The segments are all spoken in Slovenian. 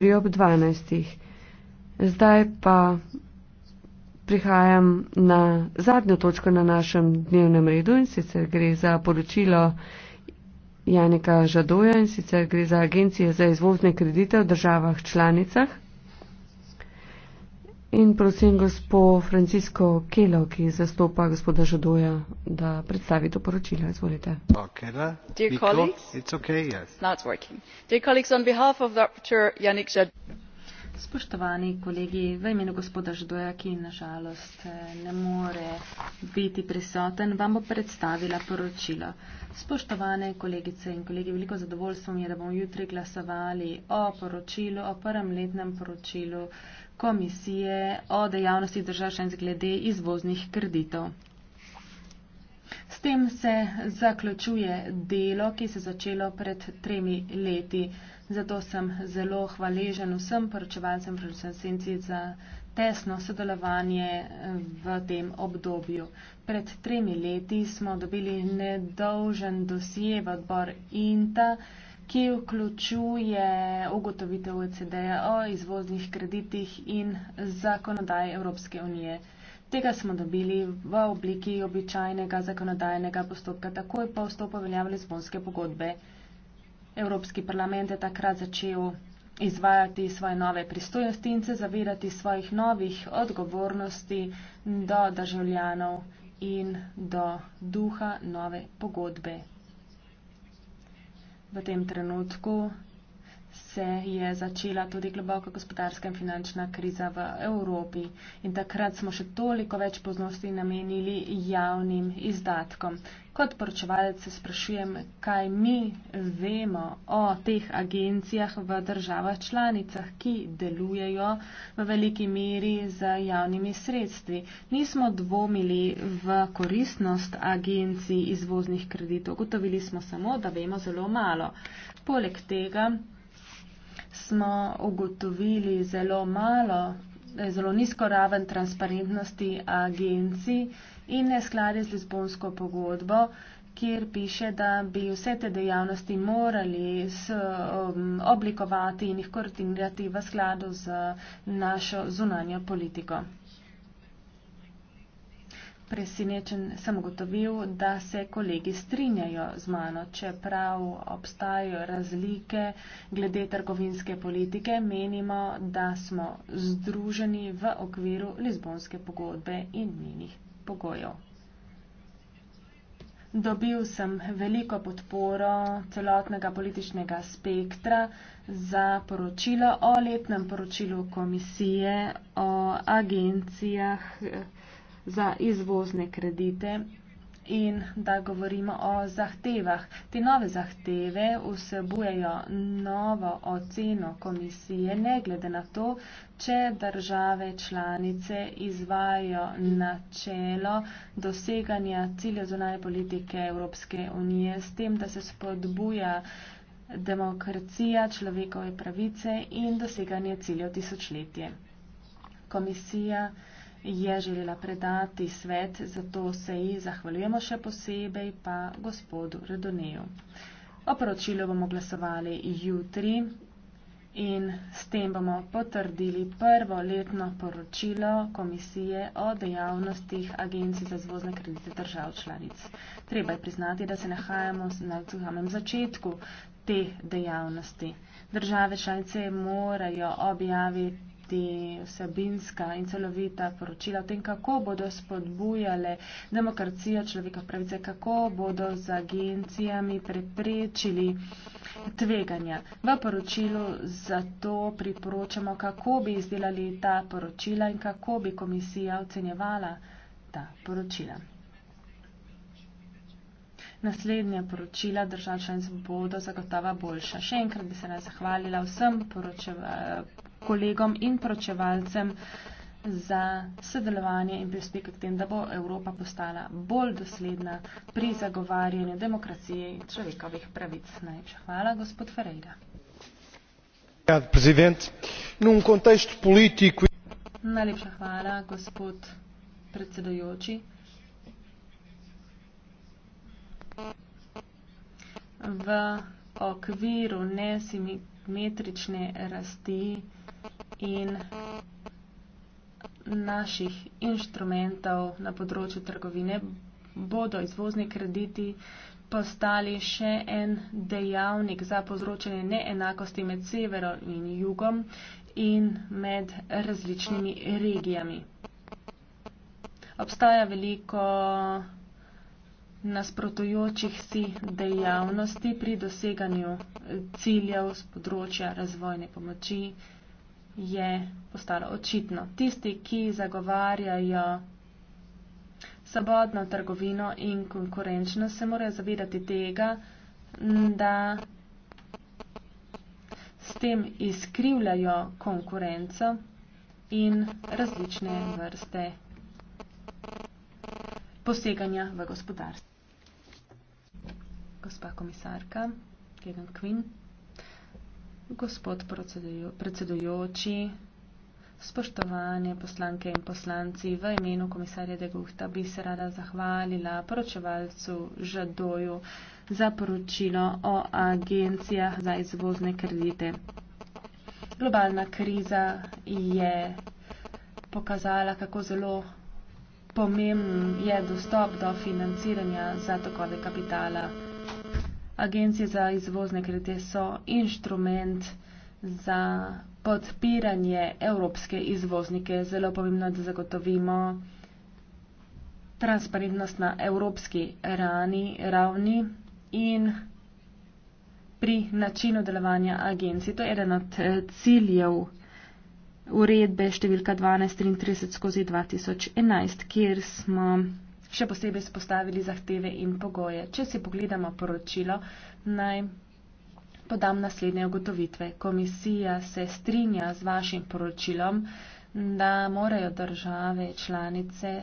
jutri ob 12. Zdaj pa prihajam na zadnjo točko na našem dnevnem redu in sicer gre za poročilo Janika Žadoja in sicer gre za Agencije za izvozne kredite v državah članicah in prosim gospo Francisco Kelo, ki zastopa gospoda Žadoja, da predstavi to poročilo. Izvolite. Spoštovani kolegi, v imenu gospoda Žadoja, ki nažalost eh, ne more biti prisoten, vam bo predstavila poročilo. Spoštovane kolegice in kolegi, veliko zadovoljstvo mi je, da bomo jutri glasovali o poročilu, o prvem letnem poročilu komisije o dejavnosti držav šenc glede izvoznih kreditov. S tem se zaključuje delo, ki se začelo pred tremi leti. Zato sem zelo hvaležen vsem poročevalcem, predvsem senci, za tesno sodelovanje eh, v tem obdobju. Pred tremi leti smo dobili nedolžen dosje v odbor INTA ki vključuje ugotovitev OECD-ja o izvoznih kreditih in zakonodaj Evropske unije. Tega smo dobili v obliki običajnega zakonodajnega postopka, takoj pa vstopa veljave Lizbonske pogodbe. Evropski parlament je takrat začel izvajati svoje nove pristojnosti in se zavedati svojih novih odgovornosti do državljanov in do duha nove pogodbe v tem trenutku se je začela tudi globoka gospodarska in finančna kriza v Evropi. In takrat smo še toliko več poznosti namenili javnim izdatkom. Kot poročevalec se sprašujem, kaj mi vemo o teh agencijah v državah članicah, ki delujejo v veliki meri z javnimi sredstvi. Nismo dvomili v koristnost agencij izvoznih kreditov, gotovili smo samo, da vemo zelo malo. Poleg tega smo ugotovili zelo malo, zelo nizko raven transparentnosti agencij in neskladje z Lizbonsko pogodbo, kjer piše, da bi vse te dejavnosti morali s, um, oblikovati in jih koordinirati v skladu z našo zunanjo politiko presenečen sem ugotovil, da se kolegi strinjajo z mano, čeprav obstajajo razlike glede trgovinske politike, menimo, da smo združeni v okviru Lizbonske pogodbe in njenih pogojev. Dobil sem veliko podporo celotnega političnega spektra za poročilo o letnem poročilu komisije o agencijah za izvozne kredite in da govorimo o zahtevah. Te nove zahteve vsebujejo novo oceno komisije, ne glede na to, če države članice izvajo načelo doseganja cilja zunaj politike Evropske unije s tem, da se spodbuja demokracija, človekove pravice in doseganje ciljev tisočletje. Komisija je želela predati svet, zato se ji zahvaljujemo še posebej pa gospodu Redoneju. O poročilu bomo glasovali jutri in s tem bomo potrdili prvo letno poročilo Komisije o dejavnostih Agencij za zvozne kredite držav članic. Treba je priznati, da se nahajamo na samem začetku te dejavnosti. Države članice morajo objaviti pripraviti vsebinska in celovita poročila o tem, kako bodo spodbujale demokracijo človeka pravice, kako bodo z agencijami preprečili tveganja. V poročilu zato priporočamo, kako bi izdelali ta poročila in kako bi komisija ocenjevala ta poročila. Naslednje poročila država članic bodo zagotova boljša. Še enkrat bi se naj zahvalila vsem poročeva, kolegom in poročevalcem za sodelovanje in prispevek k tem, da bo Evropa postala bolj dosledna pri zagovarjanju demokracije in človekovih pravic. Najlepša hvala, gospod Ferreira. E Najlepša hvala, gospod predsedujoči. V okviru nesimetrične rasti in naših inštrumentov na področju trgovine bodo izvozni krediti postali še en dejavnik za povzročanje neenakosti med severom in jugom in med različnimi regijami. Obstaja veliko nasprotujočih si dejavnosti pri doseganju ciljev z področja razvojne pomoči je postalo očitno. Tisti, ki zagovarjajo svobodno trgovino in konkurenčnost, se morajo zavedati tega, da s tem izkrivljajo konkurenco in različne vrste poseganja v gospodarstvo. Gospa komisarka, Kegan Quinn. Gospod predsedujoči, spoštovane poslanke in poslanci, v imenu komisarja Degufta bi se rada zahvalila poročevalcu Žadoju za poročilo o agencijah za izvozne kredite. Globalna kriza je pokazala, kako zelo pomemben je dostop do financiranja za tokove kapitala agencije za izvozne kredite so inštrument za podpiranje evropske izvoznike. Zelo pomembno je, da zagotovimo transparentnost na evropski rani, ravni in pri načinu delovanja agencij. To je eden od eh, ciljev uredbe številka 1233 skozi 2011, kjer smo še posebej spostavili zahteve in pogoje. Če si pogledamo poročilo, naj podam naslednje ugotovitve. Komisija se strinja z vašim poročilom, da morajo države članice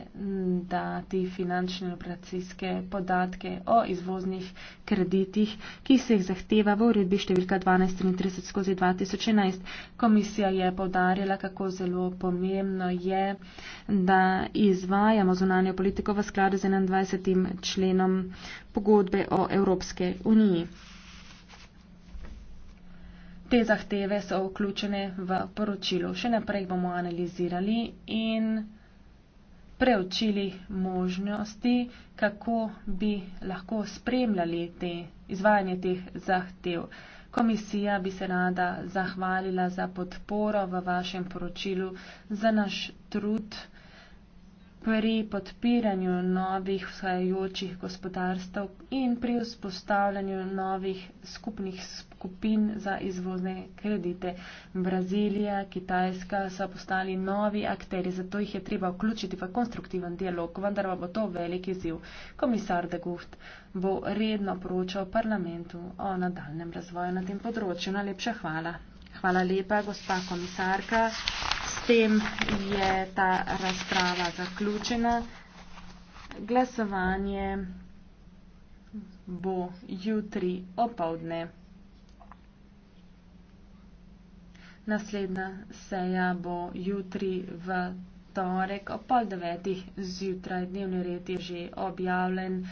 dati finančne operacijske podatke o izvoznih kreditih, ki se jih zahteva v uredbi številka 1233 skozi 2011. Komisija je povdarjala, kako zelo pomembno je, da izvajamo zunanjo politiko v skladu z 21. členom pogodbe o Evropske uniji. Te zahteve so vključene v poročilo. Še naprej bomo analizirali in preučili možnosti, kako bi lahko spremljali te, izvajanje teh zahtev. Komisija bi se rada zahvalila za podporo v vašem poročilu, za naš trud pri podpiranju novih vzhajajočih gospodarstv in pri vzpostavljanju novih skupnih skupin za izvozne kredite. Brazilija, Kitajska so postali novi akteri, zato jih je treba vključiti v konstruktiven dialog, vendar pa bo to veliki ziv. Komisar de Gucht bo redno poročal parlamentu o nadaljem razvoju na tem področju. Najlepša hvala. Hvala lepa, gospa komisarka tem je ta razprava zaključena. Glasovanje bo jutri opovdne. Naslednja seja bo jutri v torek o pol devetih zjutraj. Dnevni red je že objavljen.